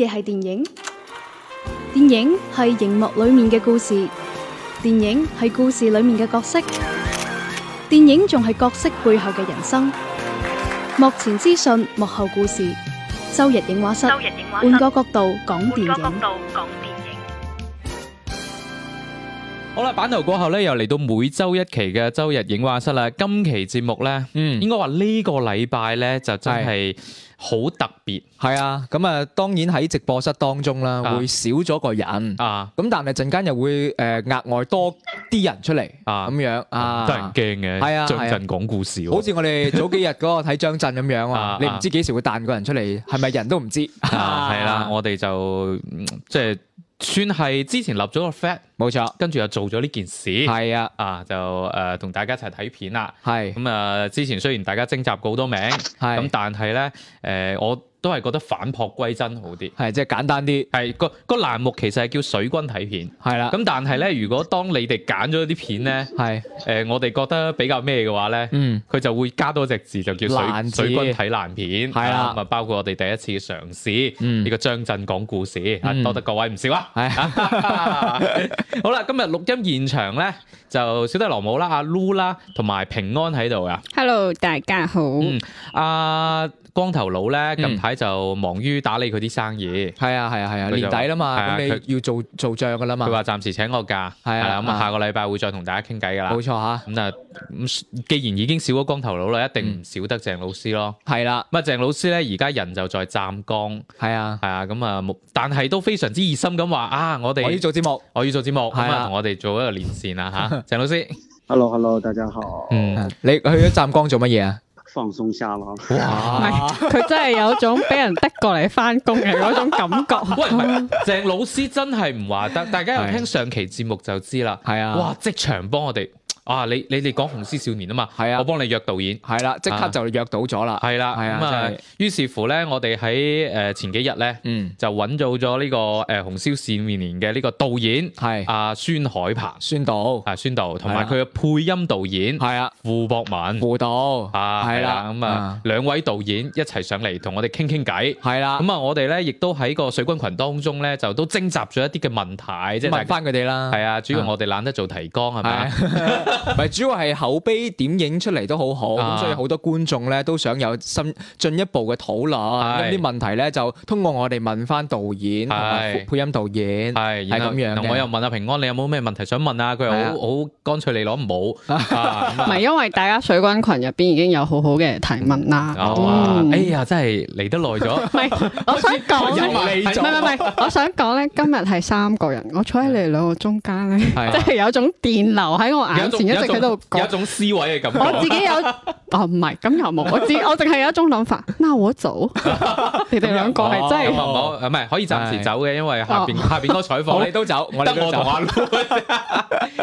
嘢係電影，電影係熒幕裏面嘅故事，電影係故事裏面嘅角色，電影仲係角色背後嘅人生。幕前資訊，幕後故事，周日映畫室，換個角度講電影。好啦，版頭過後咧，又嚟到每周一期嘅周日映畫室啦。今期節目咧，嗯，應該話呢個禮拜咧就真係好特別。係啊，咁啊，當然喺直播室當中啦，會少咗個人啊。咁但係陣間又會誒額外多啲人出嚟啊，咁樣啊，得人驚嘅。係啊，張震講故事，好似我哋早幾日嗰個睇張震咁樣啊。你唔知幾時會彈個人出嚟，係咪人都唔知啊？係啦，我哋就即係。算係之前立咗個 flag，冇錯，跟住又做咗呢件事，係啊，啊就誒同、呃、大家一齊睇片啦，係咁是啊，之前雖然大家徵集過好多名，係咁是，但係呢，誒、呃、我。都係覺得反璞歸真好啲，係即係簡單啲。係個個欄目其實係叫水軍睇片，係啦。咁但係咧，如果當你哋揀咗啲片咧，係誒，我哋覺得比較咩嘅話咧，嗯，佢就會加多隻字就叫水水軍睇爛片，係啦。啊，包括我哋第一次嘗試呢個張震講故事，多得各位唔少啊。係。好啦，今日錄音現場咧，就小弟羅姆啦、阿 Lu 啦，同埋平安喺度啊。Hello，大家好。嗯。阿光頭佬咧，近排就忙於打理佢啲生意，係啊係啊係啊，年底啦嘛，咁你要做做賬噶啦嘛。佢話暫時請我假，係啊咁啊，下個禮拜會再同大家傾偈噶啦。冇錯吓，咁啊，咁既然已經少咗光頭佬啦，一定唔少得鄭老師咯。係啦，咁啊，鄭老師咧而家人就在湛江，係啊係啊，咁啊，但係都非常之熱心咁話啊，我哋我要做節目，我要做節目，咁啊同我哋做一個連線啦吓，鄭老師，Hello Hello，大家好，嗯，你去咗湛江做乜嘢啊？放鬆下咯，哇！佢 真係有一種俾人逼過嚟翻工嘅嗰種感覺。 喂，唔係，鄭老師真係唔話得，大家有聽上期節目就知啦。係啊，哇！即場幫我哋。哇！你你哋講《紅絲少年》啊嘛，我幫你約導演，係啦，即刻就約到咗啦，係啦。咁啊，於是乎咧，我哋喺誒前幾日咧，就揾到咗呢個誒《紅絲少年》嘅呢個導演係阿孫海鵬，孫導，啊孫導，同埋佢嘅配音導演係啊傅博文，傅導，啊係啦，咁啊兩位導演一齊上嚟同我哋傾傾偈，係啦。咁啊，我哋咧亦都喺個水軍群當中咧，就都徵集咗一啲嘅問題，問翻佢哋啦。係啊，主要我哋懶得做提綱係咪？唔係主要係口碑點影出嚟都好好，咁所以好多觀眾咧都想有進進一步嘅討論，啲問題咧就通過我哋問翻導演同埋配音導演，係係咁樣嘅。我又問阿平安，你有冇咩問題想問啊？佢又好好乾脆嚟攞冇，唔係因為大家水軍群入邊已經有好好嘅提問啦。哎呀，真係嚟得耐咗。唔係，我想講，唔係唔係，我想講咧，今日係三個人，我坐喺你兩個中間咧，即係有種電流喺我眼。一直喺度，有一種思維嘅感覺。我自己有，哦唔係咁又冇。我我淨係有一種諗法。那我走，你哋兩個係真係唔係可以暫時走嘅，因為下邊下邊多採訪。我哋都走，我得我同阿妹。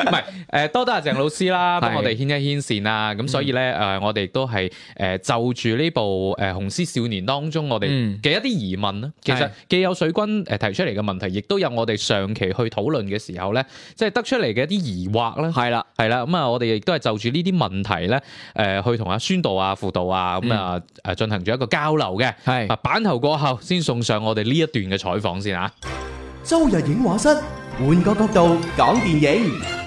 唔係誒，多謝阿鄭老師啦，幫我哋牽一牽線啊。咁所以咧誒，我哋都係誒就住呢部《誒紅絲少年》當中，我哋嘅一啲疑問啦。其實既有水軍誒提出嚟嘅問題，亦都有我哋上期去討論嘅時候咧，即係得出嚟嘅一啲疑惑啦。係啦，係啦。咁啊、嗯，我哋亦都係就住呢啲問題咧，誒、呃、去同阿孫導啊、付導啊咁啊，誒、嗯嗯、進行咗一個交流嘅。係啊、嗯，板頭過後先送上我哋呢一段嘅採訪先嚇、啊。週日影畫室，換個角度講電影。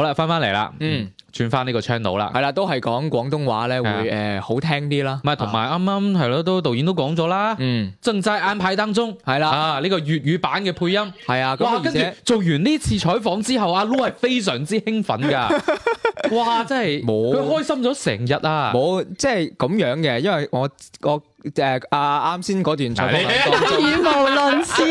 好啦，翻翻嚟啦，嗯，轉翻呢個 channel 啦，係啦，都係講廣東話咧，會誒好聽啲啦，唔係同埋啱啱係咯，都導演都講咗啦，嗯，正在安排當中，係啦，啊呢個粵語版嘅配音係啊，哇，跟住做完呢次採訪之後，阿 Lu 係非常之興奮噶，哇，真係，冇，佢開心咗成日啊，冇即係咁樣嘅，因為我我。誒啊！啱先嗰段就語無倫次，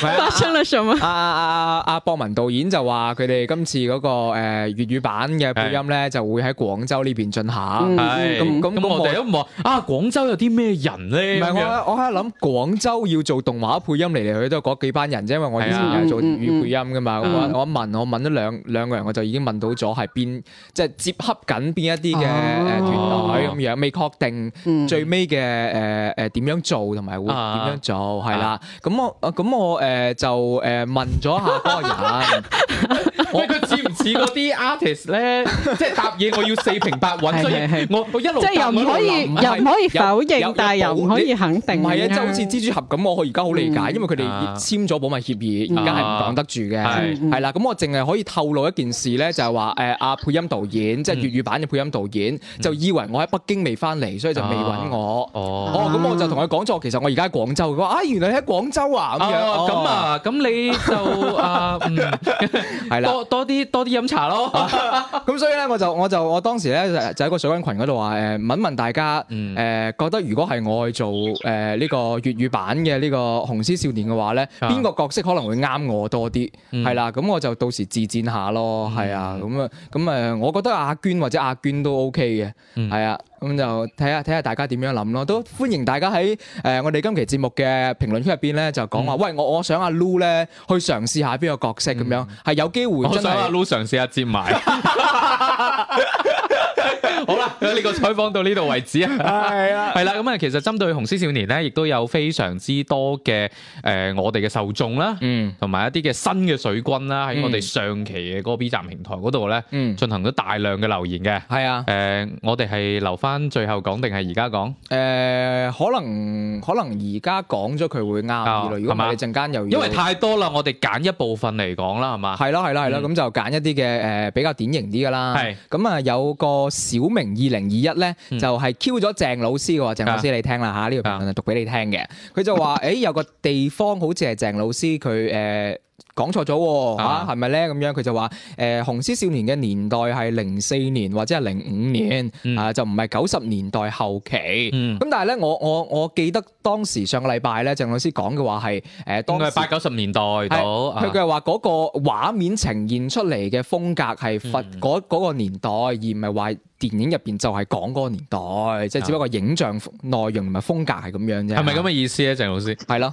發生咗什麼？阿阿阿博文導演就話：佢哋今次嗰個誒粵語版嘅配音咧，就會喺廣州呢邊進行。咁咁我哋都問啊！廣州有啲咩人咧？唔係我我喺諗廣州要做動畫配音，嚟嚟去去都係嗰幾班人啫。因為我以前又係做粵語配音㗎嘛。我一問我問咗兩兩個人，我就已經問到咗係邊，即係接洽緊邊一啲嘅誒團隊咁樣，未確定最尾嘅誒誒點樣做同埋會點樣做，係啦，咁我咁我誒就誒問咗下嗰個人，咁佢似唔似嗰啲 artist 咧？即係答嘢，我要四平八穩，所以我我一路即係又唔可以又唔可以否認，但係又唔可以肯定。唔係啊，就好似蜘蛛俠咁，我而家好理解，因為佢哋簽咗保密協議，而家係唔講得住嘅。係係啦，咁我淨係可以透露一件事咧，就係話誒阿配音導演，即係粵語版嘅配音導演，就以為我喺北京未翻嚟，所以就未揾我。哦，哦，咁我就同佢講咗，其實我而家喺廣州。佢話啊，原來你喺廣州啊，咁樣。咁啊，咁你就啊，嗯，係啦，多多啲多啲飲茶咯。咁所以咧，我就我就我當時咧就喺個水軍群嗰度話誒問問大家誒覺得如果係我去做誒呢個粵語版嘅呢個雄獅少年嘅話咧，邊個角色可能會啱我多啲？係啦，咁我就到時自薦下咯。係啊，咁啊，咁我覺得阿娟或者阿娟都 OK 嘅，係啊。咁就睇下睇下大家點樣諗咯，都歡迎大家喺誒我哋今期節目嘅評論區入邊咧，就講話喂，我我想阿 Lu 咧去嘗試下邊個角色咁樣，係有機會。我想阿 Lu 嘗試下接埋。好啦，咁呢個採訪到呢度為止啊。係啊，係啦，咁啊，其實針對《紅星少年雄獅少年》咧，亦都有非常之多嘅誒，我哋嘅受眾啦，嗯，同埋一啲嘅新嘅水軍啦，喺我哋上期嘅嗰個 B 站平台嗰度咧，嗯，進行咗大量嘅留言嘅。係啊，誒，我哋係留翻。最後講定係而家講？誒、呃，可能可能而家講咗佢會啱，如果唔係陣間又要，因為太多啦，我哋揀一部分嚟講啦，係嘛？係咯係咯係咯，咁、嗯、就揀一啲嘅誒比較典型啲㗎啦。係咁啊，有個小明二零二一咧，就係 Q 咗鄭老師嘅鄭、嗯、老師你聽啦吓，呢條文讀俾你聽嘅。佢就話誒、欸、有個地方好似係鄭老師佢誒。講錯咗喎，係咪咧？咁樣佢就話：誒、呃《雄獅少年》嘅年代係零四年或者係零五年，嗯、啊就唔係九十年代後期。咁、嗯、但係咧，我我我記得當時上個禮拜咧，鄭老師講嘅話係誒當時八九十年代到。佢佢係話嗰個畫面呈現出嚟嘅風格係佛嗰個年代，而唔係話電影入面就係講嗰個年代，即係、嗯、只不過影像內容同埋風格係咁樣啫。係咪咁嘅意思呢，鄭老師？係咯。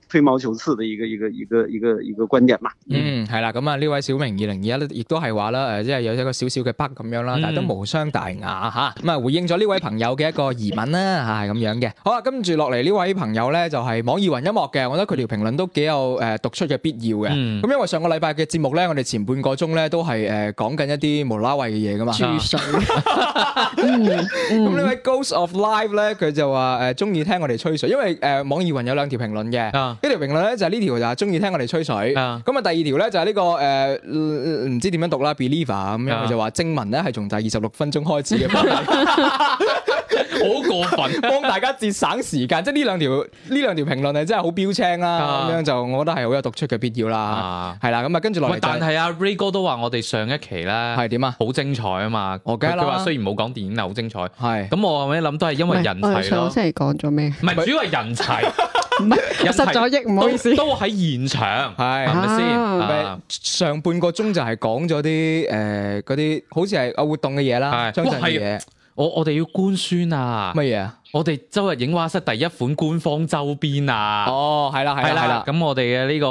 吹毛求疵嘅一個一個一個一個一個觀點嘛，嗯嗯嗯，嗯係啦，咁啊呢位小明二零二一亦都係話啦，誒即係有一個小小嘅 bug 咁樣啦，但係都無傷大雅吓，咁啊回應咗呢位朋友嘅一個疑問啦吓，係咁樣嘅，好啦，跟住落嚟呢位朋友咧就係網易雲音樂嘅，我覺得佢條評論都幾有，誒讀出嘅必要嘅，咁、嗯、因為上個禮拜嘅節目咧，我哋前半個鐘咧都係誒講緊一啲無拉喂嘅嘢噶嘛，吹水，咁呢位 Ghost of Live 咧佢就話誒中意聽我哋吹水，因為誒網易雲有兩條評論嘅呢條評論咧就係呢條就係中意聽我哋吹水，咁啊第二條咧就係呢個誒唔知點樣讀啦，Believer 咁樣佢就話正文咧係從第二十六分鐘開始嘅，好過分，幫大家節省時間，即係呢兩條呢兩條評論係真係好標青啦，咁樣就我覺得係好有讀出嘅必要啦，係啦，咁啊跟住落嚟。但係啊 Ray 哥都話我哋上一期咧係點啊？好精彩啊嘛！我梗係佢話雖然冇講電影係好精彩，係咁我後尾諗都係因為人齊咯。我想即係講咗咩？唔係主要係人齊。唔係失咗益，唔好意思，都喺現場，係咪先？上半個鐘就係講咗啲誒嗰啲好似係活動嘅嘢啦，是張陣嘅嘢，我我哋要官宣啊，乜嘢？我哋周日影畫室第一款官方周邊啊！哦，係啦，係啦，係啦。咁我哋嘅呢個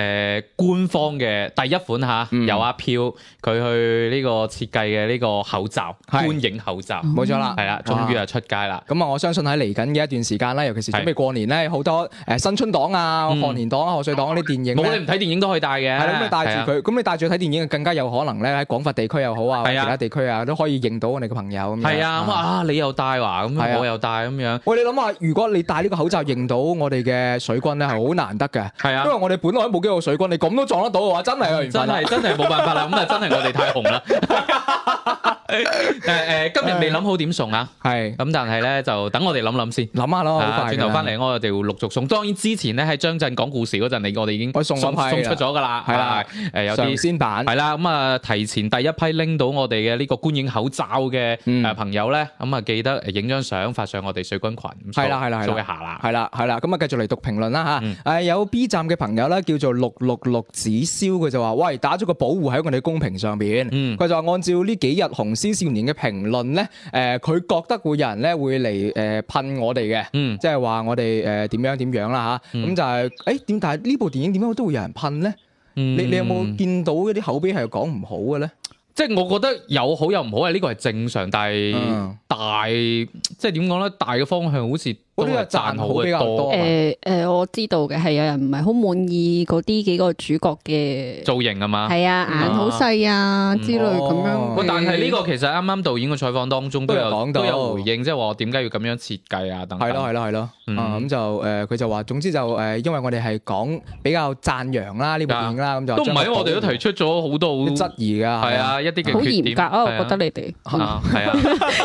誒官方嘅第一款，吓，由阿飄佢去呢個設計嘅呢個口罩，觀影口罩，冇錯啦，係啦，終於就出街啦。咁啊，我相信喺嚟緊嘅一段時間啦，尤其是準備過年咧，好多誒新春檔啊、賀年檔啊賀歲檔嗰啲電影，我哋唔睇電影都可以帶嘅。係咁你帶住佢，咁你帶住睇電影更加有可能咧，喺廣佛地區又好啊，其他地區啊都可以認到我哋嘅朋友。係啊，咁啊你又戴啊，咁我又咁樣，喂，你諗下，如果你戴呢個口罩認到我哋嘅水軍咧，係好難得嘅。係啊的，因為我哋本來都冇幾個水軍，你咁都撞得到嘅話，嗯，真係，真係，真係冇辦法啦。咁啊，真係我哋太紅啦。 誒誒，今日未諗好點送啊，係咁，但係咧就等我哋諗諗先，諗下咯。轉頭翻嚟，我哋會陸續送。當然之前咧喺張震講故事嗰陣，你我哋已經送送出咗噶啦，係啦，誒有啲先版係啦。咁啊，提前第一批拎到我哋嘅呢個觀影口罩嘅朋友咧，咁啊記得影張相發上我哋水軍群，係啦係啦係啦，做下啦，係啦係啦。咁啊繼續嚟讀評論啦吓，誒有 B 站嘅朋友咧叫做六六六子燒，佢就話喂打咗個保護喺我哋公屏上邊，佢就話按照呢幾日紅。獅少年嘅評論咧，誒、呃、佢覺得會有人咧會嚟誒噴我哋嘅，即係話我哋誒點樣點樣啦、啊、嚇。咁、嗯、就係誒點？但係呢部電影點解都會有人噴咧、嗯？你你有冇見到一啲口碑係講唔好嘅咧？即係我覺得有好有唔好啊！呢個係正常，但係、嗯、大即係點講咧？大嘅方向好似。都係贊好比較多誒誒，我知道嘅係有人唔係好滿意嗰啲幾個主角嘅造型啊嘛，係啊，眼好細啊之類咁樣。但係呢個其實啱啱導演嘅採訪當中都有講到，有回應，即係話我點解要咁樣設計啊？等等係咯、係咯、係咯，嗯咁就誒佢就話，總之就誒因為我哋係講比較讚揚啦呢部電影啦，咁就都唔係，因為我哋都提出咗好多質疑㗎，係啊一啲嘅。好嚴格啊，我覺得你哋，係啊，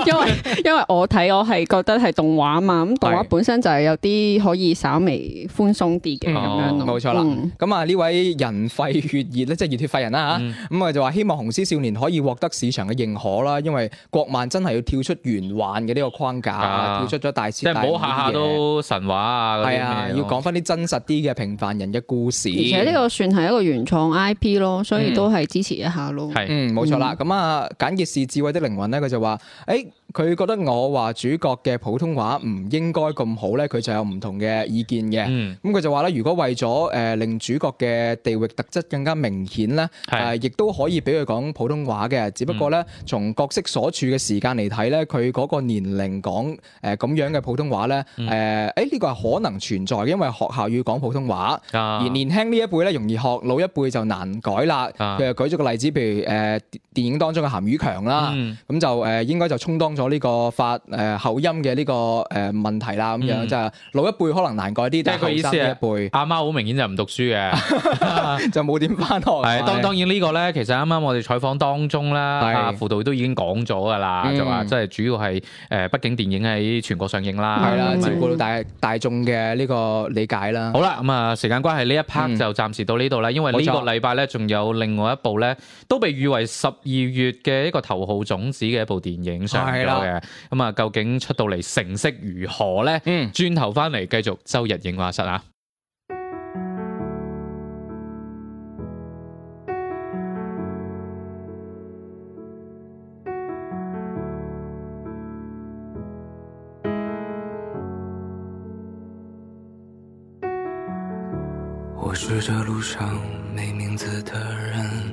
因為因為我睇我係覺得係動畫嘛咁本身就係有啲可以稍微寬鬆啲嘅咁樣冇錯啦。咁啊呢位人廢血熱咧，即係熱血廢人啦咁啊、嗯、就話希望雄獅少年可以獲得市場嘅認可啦，因為國漫真係要跳出玄幻嘅呢個框架，啊、跳出咗大師。即係唔好下下都神話啊！係啊，要講翻啲真實啲嘅平凡人嘅故事。而且呢個算係一個原創 IP 咯，所以都係支持一下咯。係，嗯，冇錯啦。咁啊，簡潔是智慧的靈魂咧，佢就話：，欸佢覺得我話主角嘅普通話唔應該咁好咧，佢就有唔同嘅意見嘅。嗯，咁佢就話咧，如果為咗誒、呃、令主角嘅地域特質更加明顯咧，誒亦都可以俾佢講普通話嘅。只不過咧，從角色所處嘅時間嚟睇咧，佢個年齡講誒咁、呃、樣嘅普通話咧、呃，誒誒呢、這個係可能存在的，因為學校要講普通話，而年輕呢一輩咧容易學老一輩就難改啦。佢又舉咗個例子，譬如誒、呃、電影當中嘅鹹魚強啦，咁、呃嗯、就誒、呃、應該就充當咗。我呢個發誒口音嘅呢個誒問題啦，咁樣就係老一輩可能難過啲，但係新一輩阿媽好明顯就唔讀書嘅，就冇點返學。係，當然呢個咧，其實啱啱我哋採訪當中啦，啊副導都已經講咗㗎啦，就話即係主要係誒畢竟電影喺全國上映啦，係啦，照顧到大大眾嘅呢個理解啦。好啦，咁啊時間關係，呢一 part 就暫時到呢度啦，因為呢個禮拜咧仲有另外一部咧都被譽為十二月嘅一個頭號種子嘅一部電影上。咁啊，嗯嗯、究竟出到嚟成色如何呢？嗯，轉頭翻嚟繼續周日映畫室啊。我係呢條路上冇名字嘅人。